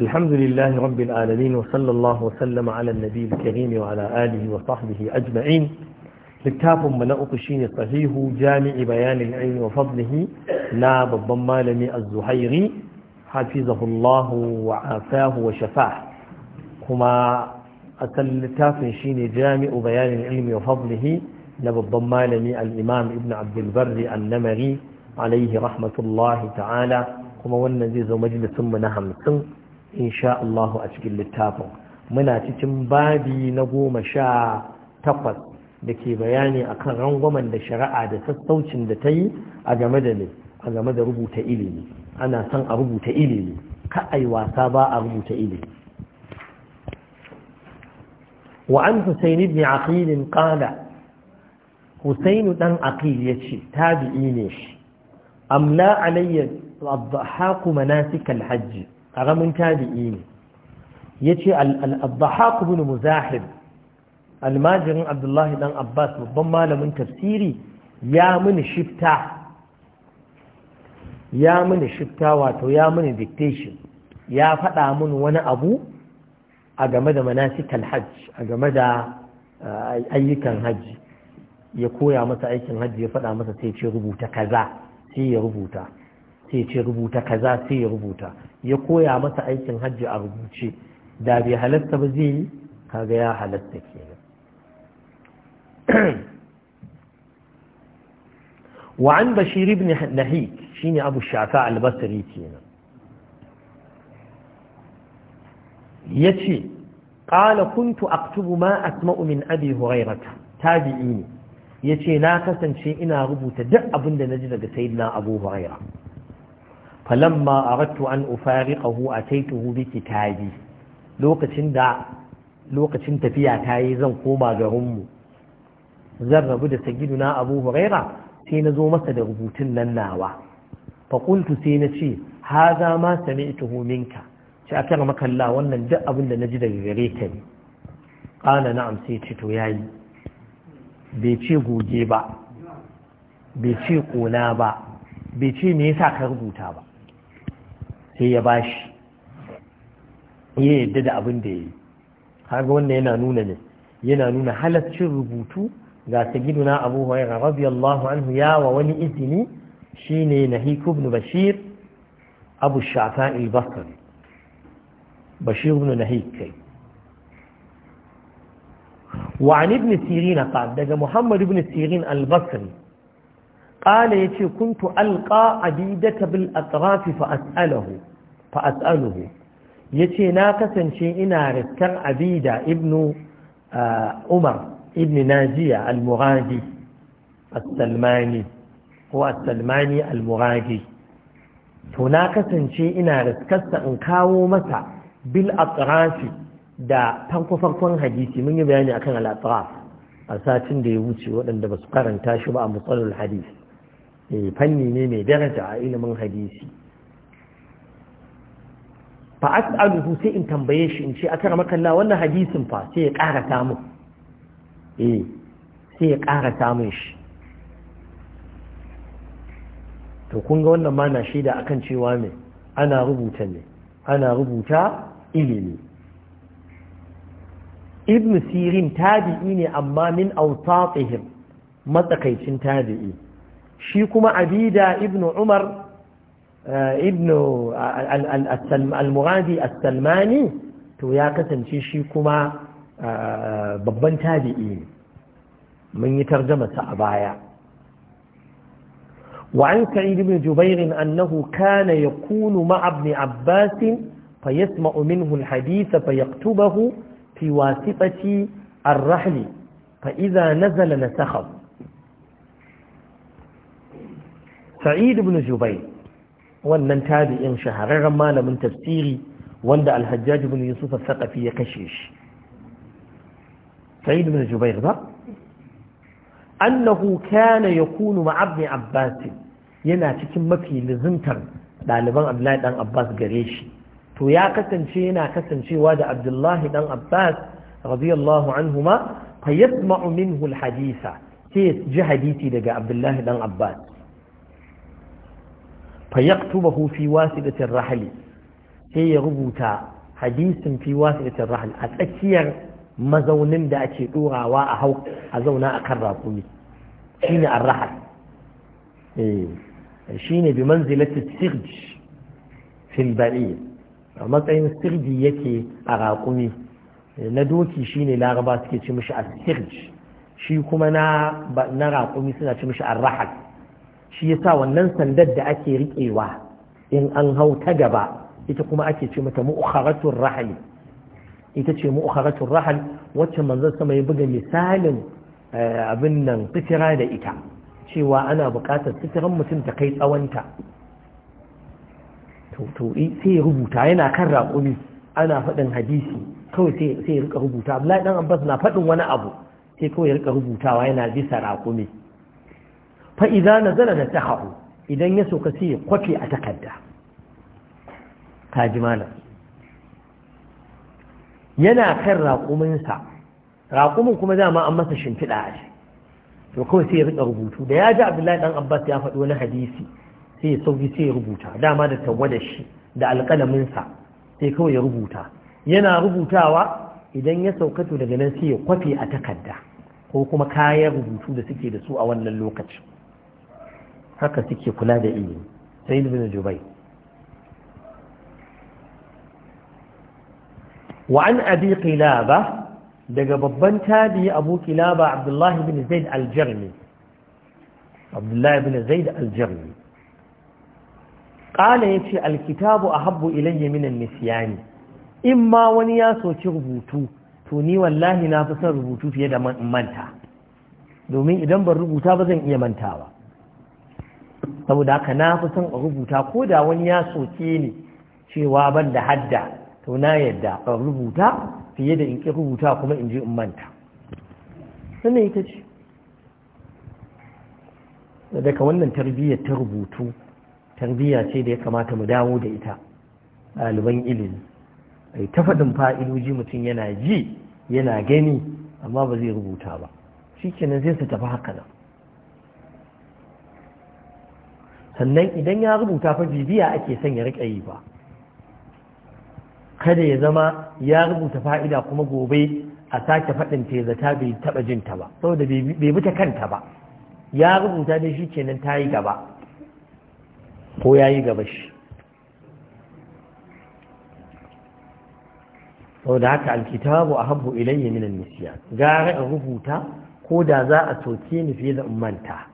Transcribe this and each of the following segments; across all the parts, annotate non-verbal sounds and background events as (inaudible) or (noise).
الحمد لله رب العالمين وصلى الله وسلم على النبي الكريم وعلى آله وصحبه أجمعين لكتاب من أقشين صحيح جامع بيان العلم وفضله ناب الضمالمي الزهيري حفظه الله وعافاه وشفاه كما أتلتاف شين جامع بيان العلم وفضله ناب الضمالمي الإمام ابن عبد البر النمري عليه رحمة الله تعالى كما ونزيز مجلس من همسن insha Allah a cikin littafin muna cikin babi na goma sha takwas da ke bayani akan rangwamen da shari'a da sassaucin da ta yi a game da ne a game da rubuta ilimi ana son a rubuta ilimi ka ai wasa ba a rubuta ilimi wa an Husayn ibn Aqil qala Husainu dan Aqil ce tabi'i ne shi Amna alayya ad-dhahhaq manasik ƙaramin tabi'i ne ya ce al muzahir almajirin abdullahi dan abbas babban malamin tafsiri ya mini shifta ya mini shifta wato ya mini dictation ya faɗa mini wani abu a game da manasikal hajj a game da eh, ayyukan hajji ya koya masa aikin hajji ya faɗa masa sai ce rubuta kaza sai ya rubuta sai ce rubuta kaza sai ya rubuta ya koya masa aikin hajji a rubuce da bai halatta ba zai yi kaga ya halatta kenan (clears throat) wa an bashir ibn nahik shine abu shafa al kenan yace qala kuntu aktubu ma asma'u min abi hurairata tabi'i ne yace na kasance ina rubuta duk abin da naji daga sayyidina abu hurairah falamma ratu an ufariqahu ataituhu bi kitabi lokacin da lokacin tafiya ta yi zan koma garinmu zan rabu da sagidu na abu huraira sai na zo masa da rubutun nan nawa faƙuntu sai na ce haza ma sami ita hominka Ci a kar makalla wannan duk abin da na ji daga gare ka ne ƙana na sai ce to ya yi bai ce goge ba bai ce ƙona ba bai ce me yasa ka rubuta ba sai ya bashi ya yadda da abin da ya yi haga wannan yana nuna ne yana nuna halaccin rubutu ga abubuwa abu hurairah yallahu anhu ya wa wani izini shine hikub na bashir abu shafa'i basri bashir na hikai wa an ibn sirina ka daga محمد ibn سيرين البصري ƙala ya ce kuntu alƙa abidata bil atrafi fa'as'aluhu ya ce na kasance ina rikkar abida ibnu umar ibni najiya al-muradi al-salmani ko al-salmani al-muradi to na kasance ina riskarsa in kawo masa bil atrafi da farko-farkon hadisi mun yi bayani akan al-atraf a satin da ya wuce waɗanda ba su karanta shi ba a matsalar hadisi Eh, fanni ne mai daraja a ilimin hadisi fa as'aluhu sai in tambaye shi in ce akara makalla wannan hadisin fa sai ya ƙara samun eh sai ya ƙara samun shi to kun ga wannan ma na shaida akan cewa ne ana rubuta ne ana rubuta ilimi ibn sirin tabi'i ne amma min awsatihim matsakaicin tabi'i shi kuma abida Ibnu umar eh, Ibnu al-muradi al-salmani to ya kasance shi kuma eh, babban tabi'i ne mun yi tarjamata a baya وعن سعيد بن جبير أنه كان يكون مع ابن عباس فيسمع منه الحديث فيكتبه في واسطة الرحل فإذا نزل نسخه sa'id ibn jubair wannan tabi'in shahararren malamin tafsiri wanda alhajjaji bin yusuf al ya kashe shi sa'id ibn jubair ba annahu kana yakunu ma'a ibn abbas yana cikin mafi lizuntar ɗaliban abdullahi dan abbas gare shi to ya kasance yana kasancewa da abdullahi dan abbas radiyallahu anhuma fa yasma'u minhu al sai ji hadisi daga abdullahi dan abbas fayaktubahu fi wasiqatir rahli sai ya rubuta hadisin fi wasiqatir rahli a tsakiyar mazaunin da ake dorawa a hau a zauna a kan rakumi shine ar-rahal eh shine bi manzilati sirji fil ba'i a matsayin sirji yake a rakumi na doki shine laraba suke ci mishi a sirji shi kuma na raƙumi suna ci mishi ar-rahal shi ya sa wannan sandar da ake riƙewa in an hau ta gaba ita kuma ake ce mata mu'ukharatul rahal ita ce mu'ukharatul rahal wacce manzon sama ya buga misalin eh, abin nan sitira da ita cewa ana buƙatar sitiran mutum ta kai tsawonta to sai ya rubuta yana kan raƙumi ana faɗin hadisi kawai sai ya rika rubuta abdullahi dan abbas na faɗin wani abu sai kawai ya rika rubutawa yana bisa raƙumi fa idza nazala da haɗu idan ya soka sai ya a takarda ji yana kan raƙuminsa raƙumin kuma dama an masa shimfiɗa a shi to kawai sai ya riƙa rubutu da ya ji abdullahi ɗan abbas ya faɗi wani hadisi sai ya sauki sai ya rubuta dama da da shi da alƙalaminsa sai kawai ya rubuta yana rubutawa idan ya sauka to daga nan sai ya kwafi a takarda ko kuma kayan rubutu da suke da su a wannan lokacin haka suke kula da ilimi sai ibn jubai wa an abi qilaba daga babban tabi abu qilaba abdullah ibn zaid al-jarmi abdullah ibn zaid al-jarmi qala yace al-kitabu ahabbu ilayya min an-nisyani imma wani ya soki rubutu to ni wallahi na fi son rubutu fiye da manta domin idan ban rubuta ba zan iya mantawa saboda haka na fi son a rubuta ko da wani ya soke ni cewa ban da hadda to na yadda a rubuta fiye da in ƙi rubuta kuma in ji in manta sannan ita ce daga wannan tarbiyyar ta rubutu tarbiyya ce da ya kamata mu dawo da ita ɗaliban ilimi ai ta faɗin fa'idoji mutum yana ji yana gani amma ba zai rubuta ba shi kenan zai su tafi haka nan sannan idan ya rubuta fa bibiya ake son ya riƙa yi ba kada ya zama ya rubuta fa'ida kuma gobe a sake faɗin tezata bai taɓa jin ta ba saboda bai bi ta kanta ba ya rubuta ne shi kenan ta yi gaba ko ya yi gaba shi saboda haka alkitabu a habbu ilayya minan nisiya gara in rubuta ko da za a soke ni fiye da in manta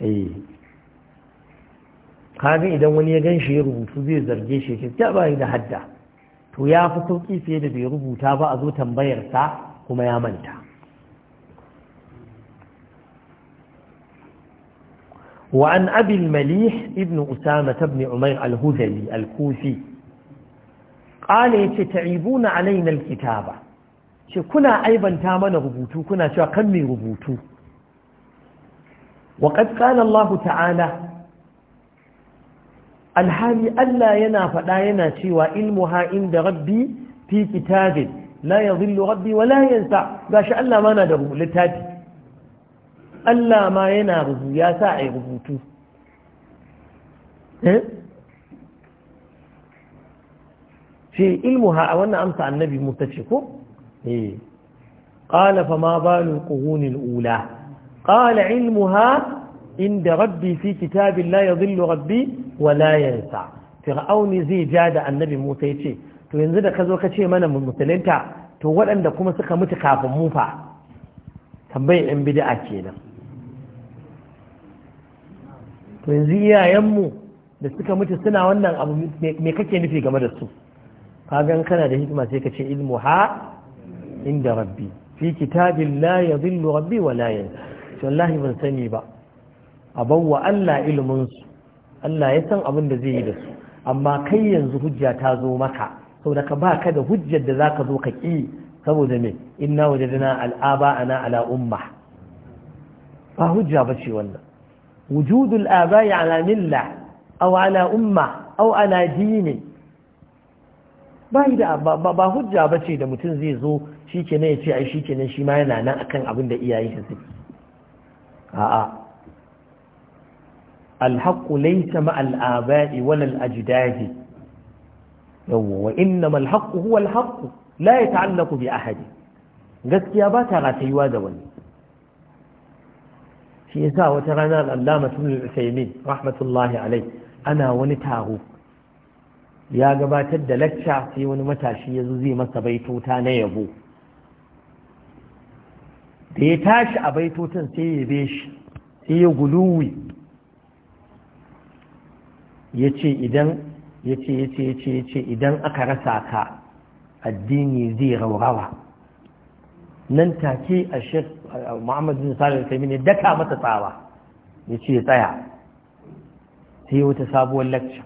eh kaga idan wani ya gan shi ya rubutu zai zarge shi ce ta ba da hadda to ya fi sauki fiye da bai rubuta ba a zo tambayar sa kuma ya manta وعن أبي المليح ابن أسامة بن عمير الهذلي الكوفي قال تعيبون علينا الكتابة كنا أيضا تامن ربوتو كنا شاقمي ربوتو وقد قال الله تعالى alhali Allah yana faɗa yana cewa ilmuha inda rabbi fi kitabin la yadhillu rabbi wa la yansa gashi Allah ma na da littafi Allah ma yana rubu ya sa ai rubutu eh ce ilmuha a wannan amsa annabi Musa ce ko eh qala fa ma balu qurunil ula qala ilmuha inda rabbi fi kitabin la yadhillu rabbi wala yansa fir'auni zai ja da annabi musa ya ce to yanzu da ka zo ka ce mana musulunta to waɗanda kuma suka mutu kafin mu fa tambayin yan bid'a kenan to yanzu iyayenmu da suka mutu suna wannan abu me kake nufi game da su kagan kana da hikima sai ka ce ilmu ha inda rabbi fi kitabin la yadhillu rabbi wa la yansa wallahi ban sani ba abawa Allah ilmunsu. Allah ya san abin da zai yi da su amma kai yanzu hujja ta zo maka saboda ka baka da hujjar da zaka zo ka ki saboda me inna wajadna al'aba ana ala umma ba hujja ba ce wannan wujudul aba'i ala milla aw ala umma aw ala dini ba da ba hujja bace da mutum zai zo shikenan ya ce ai shikenan shi ma yana nan akan abin da iyayen shi suke a'a الحق ليس مع الآباء ولا الأجداد وإنما الحق هو الحق لا يتعلق بأحد قد كيابات غاتيوا دولي shi yasa wata rana al'allama tunin usaimin rahmatullahi alai ana wani taro ya gabatar da lacca sai wani matashi ya zai masa baitota na yabo da ya tashi a baitotan sai ya be shi sai ya guluwi ya ce idan ya ce ya ce ya ce ya ce idan aka rasa ka addini zai raurawa nan take a shek muhammad salim kai ne daka mata tsawa ya ce ya tsaya sai wata sabuwar lacca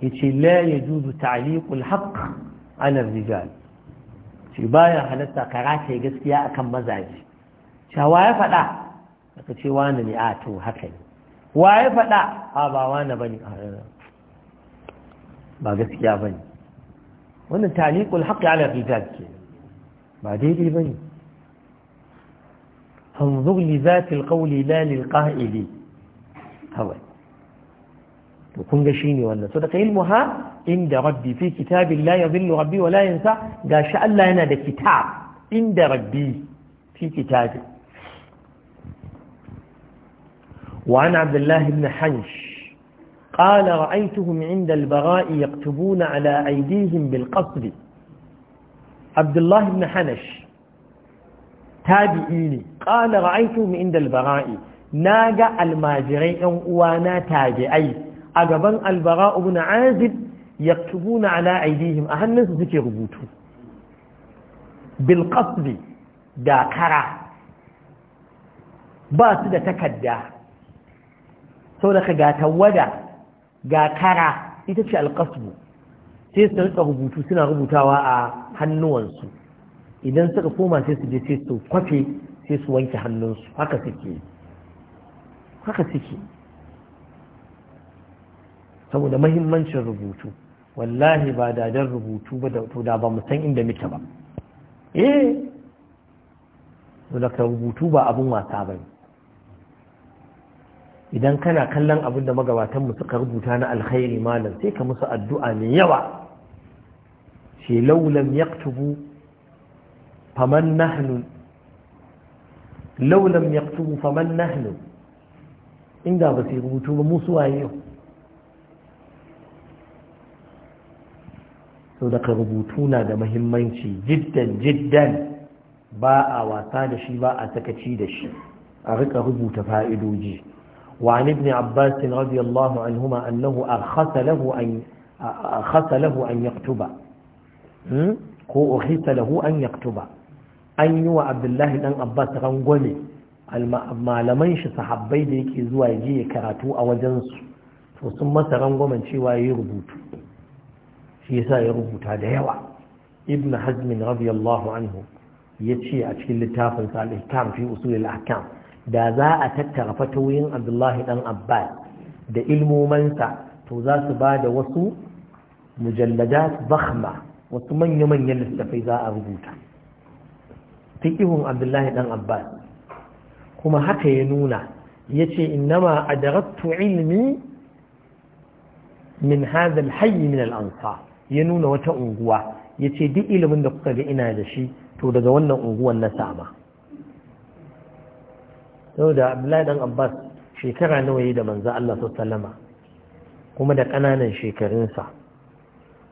ya ce la ya juzu ta'aliqul haqq ana rijal shi baya halatta karata gaskiya akan mazaje cewa ya faɗa aka ce wani ne a to haka ne Waye ya faɗa a ba wani ba ne ba gaskiya ba ne wannan talikul haƙi ala qital ke ba daidai ba ne hanzur li zati alqawli la lil qa'ili kawai to kun ga shine wannan so daga ilmu ha inda rabbi fi kitabin la yadhillu rabbi wa la yansa gashi Allah yana da kitab inda rabbi fi kitabin وعن عبد الله بن حنش قال رأيتهم عند البراء يكتبون على أيديهم بالقصد عبد الله بن حنش تابعيني قال رأيتهم عند البراء ناجا الماجرين وانا تابعي أقبا البراء بن عازب يكتبون على أيديهم أهنس ذكي ربوتو بالقصد دا كرا باس دا تكدا da ka ga tawada ga kara ita ce alƙasbu sai su rika rubutu suna rubutawa a hannuwansu idan suka koma sai su je sai su kwafe sai su wanke hannunsu haka suke haka suke saboda mahimmancin rubutu wallahi ba da dan rubutu ba da to da ba mu san inda muke ba eh to rubutu ba abun wasa bane idan kana kallon abin da magabatanmu suka rubuta na alkhairi malam sai ka musu addu'a mai yawa ce laulam yaktubu faman nahnu laulam yaktubu faman nahnu inda ba sai rubutu ba musu waye sau daga rubutu na da mahimmanci jiddan jiddan ba a wasa da shi ba a sakaci da shi a rika rubuta fa'idoji وعن ابن عباس رضي الله عنهما أنه أرخص له an yaktuba an yi wa abdullahi dan abbas rangwame malaman shi sahabbai da yake zuwa yaje ya karatu a wajensu to sun masa rangwamen cewa ya rubutu shi yasa ya rubuta da yawa ibn hazmin radiyallahu anhu ya ce a cikin littafin sa al-ihkam fi usul al-ahkam da za a tattara fatoyin abdullahi dan abbas da ilmomansa to za su ba da wasu mujalladat bakhma wasu manya-manyan littattafai za a rubuta ihun abdullahi dan abbas kuma haka ya nuna ya ce innama adarattu ilmi min hazal hayyi min al'ansa ya nuna wata unguwa ya ce duk ilimin da kuka ga ina da shi to daga wannan unguwan na sama saboda abdullahi dan abbas shekara nawa yi da manzo Allah sallama kuma da ƙananan shekarunsa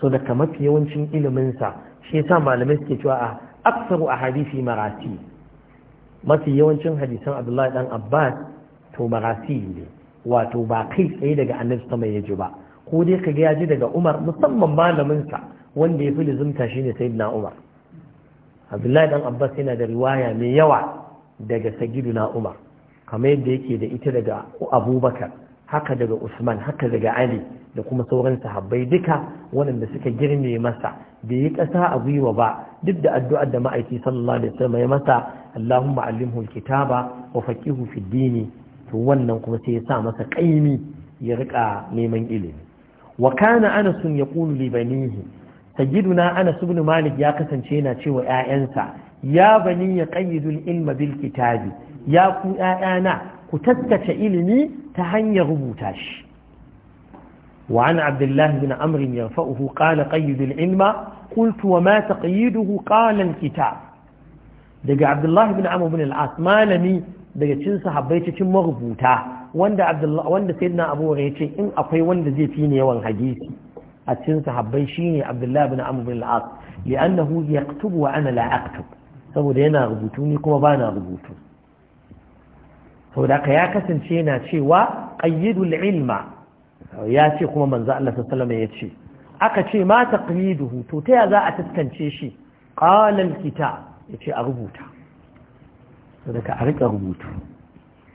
so da ka mafi yawancin iliminsa shi yasa malamai suke cewa a aksaru a hadisi marasi mafi yawancin hadisan abdullahi dan abbas to marasi ne wato ba kai tsaye daga annabi sama ya ji ba ko dai ka ga ya ji daga umar musamman malaminsa wanda ya fi lizumta ne sayyidina umar abdullahi dan abbas yana da riwaya mai yawa daga na umar kamar yadda yake da ita daga abubakar haka daga usman haka daga ali da kuma sauran sahabbai duka waɗanda suka girme masa bai yi ƙasa a gwiwa ba duk da addu'ar da ma'aiki sallallahu alaihi wasallam ya masa Allahumma allimhu alkitaba wa faqihu fid to wannan kuma sai ya sa masa kaimi ya rika neman ilimi wa kana Anas yaqulu li banihi sayyiduna Anas ibn Malik ya kasance yana cewa ƴaƴansa ya bani ya qayyidul ilma bil kitabi ya ku ‘ya'yana ku tattace ilimi ta hanyar rubuta shi وعن عبد الله بن عمرو يرفعه قال قيد العلم قلت وما تقييده قال الكتاب daga Abdullahi bin Amr bin al malami daga cikin sahabbai cikin marubuta wanda Abdullah wanda Sayyidina Abu Hurairah yace in akwai wanda zai fi ne yawan hadisi a cikin sahabbai shine Abdullahi bin Amr bin al-As li'annahu yaktubu wa ana la aktub saboda yana rubutu ni kuma bana rubutu sau da ka ya kasance yana cewa ƙayyidul ilma ya ce kuma manzo Allah sallama ya ce aka ce ma taqyiduhu to ta ya za a taskance shi qala alkitab ce a rubuta sau a rika rubutu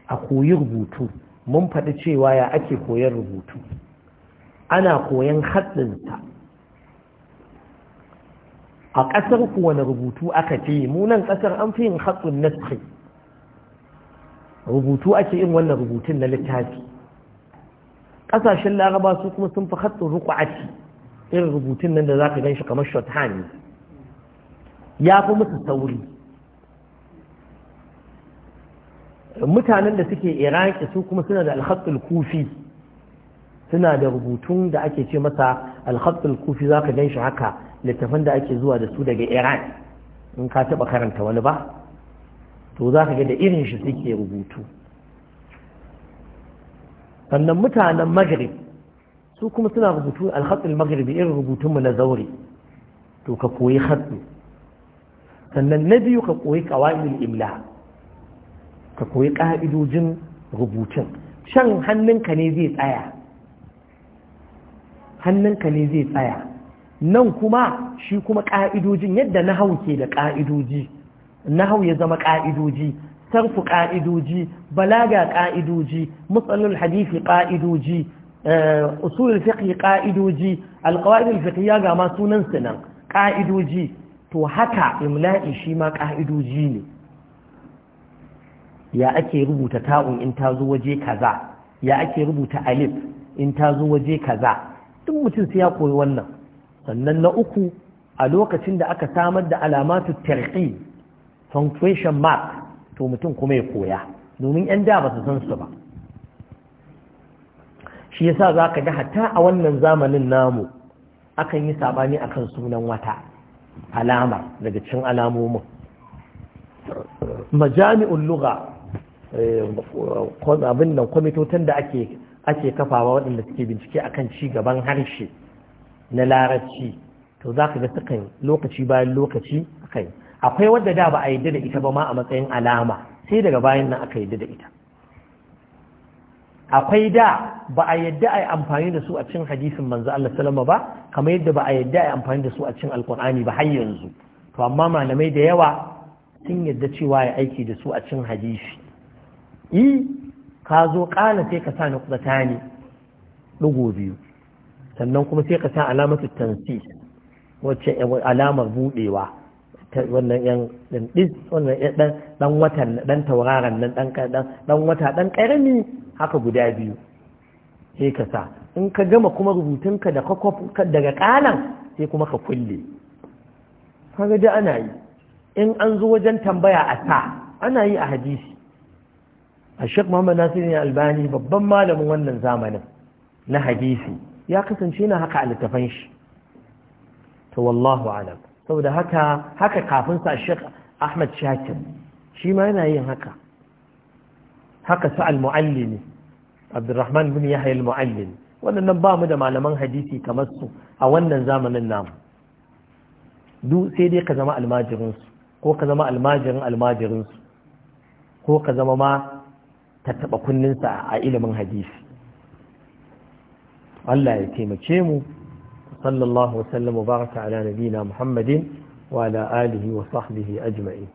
a koyi rubutu mun faɗi cewa ya ake koyan rubutu ana koyan hatsinsa a ƙasar ku wani rubutu aka ce mu nan ƙasar an fi yin hatsin nasri rubutu ake yin wannan rubutun na littafi ƙasashen laraba su kuma sun fi hatsin ruku'ati irin rubutun nan da za ka gan shi kamar shorthand ya fi musu sauri mutanen da suke iraki su kuma suna da alhatsul kufi suna da rubutun da ake ce masa alhatsul kufi za ka gan haka littafin da ake zuwa da su daga iran in ka taɓa karanta wani ba to za ka ga da irin shi suke rubutu sannan mutanen magrib su kuma suna rubutu alhatsul magribi irin rubutunmu na zaure to ka koyi hatsi sannan na biyu ka koyi kawa'il imla ka koyi ƙa'idojin rubutun shan hannunka ne zai tsaya hannunka ne zai tsaya nan kuma shi kuma ƙa'idojin yadda na hauke da ƙa'idoji nahau ya zama ƙa'idoji sarfu ƙa'idoji balaga ƙa'idoji matsalul hadisi ƙa'idoji eh, usulul fiqh ƙa'idoji alqawaidul fiqhiyya ga ma sunan nan ƙa'idoji to haka imla'i shi ma ƙa'idoji ne ya ake rubuta ta'un in ta zo waje kaza ya ake rubuta alif in ta zo waje kaza duk mutum sai ya koyi wannan sannan na uku a lokacin da aka samar da alamatu tarqi punctuation mark to mutum kuma ya koya domin yan da ba su san su ba shi yasa za ka ga hatta a wannan zamanin namu akan yi sabani akan sunan wata alama daga cikin alamomin Majami'un lugha eh, abin nan kwamitotin da ake ake kafawa waɗanda suke bincike akan ci gaban harshe na larabci to za ka ga sukan lokaci bayan lokaci akan akwai wadda da ba a yadda da ita ba ma a matsayin alama sai daga bayan nan aka yadda da ita akwai da ba a yadda a yi amfani da su a cin hadisin manzo Allah salama ba kamar yadda ba a yadda a yi amfani da su a cin alkur'ani ba har yanzu to amma malamai da yawa sun yadda cewa ya aiki da su a cin hadisi yi ka zo kana sai ka sa ta ne dugo biyu sannan kuma sai ka sa alamatu tansi wacce eh, alamar buɗewa. wannan yan dan wannan dan dan watan dan tauraron nan dan dan wata dan karami haka guda biyu sai ka sa in ka gama kuma rubutunka da daga kalan sai kuma ka kulle kaga da ana yi in an zo wajen tambaya a sa ana yi a hadisi a shek muhammad nasiru albani babban malamin wannan zamanin na hadisi ya kasance na haka a littafan shi to wallahu alam saboda haka haka kafin sa Sheikh Ahmad Shakir shi ma yana yin haka haka sa al-muallimi Abdurrahman bin Yahya al-muallimi waɗannan ba mu da malaman hadisi kamar su a wannan zamanin namu du sai dai ka zama su ko ka zama almajirin almajirinsu ko ka zama ma ta taɓa kunninsa a ilimin hadisi Allah ya taimake mu صلى الله وسلم وبارك على نبينا محمد وعلى آله وصحبه أجمعين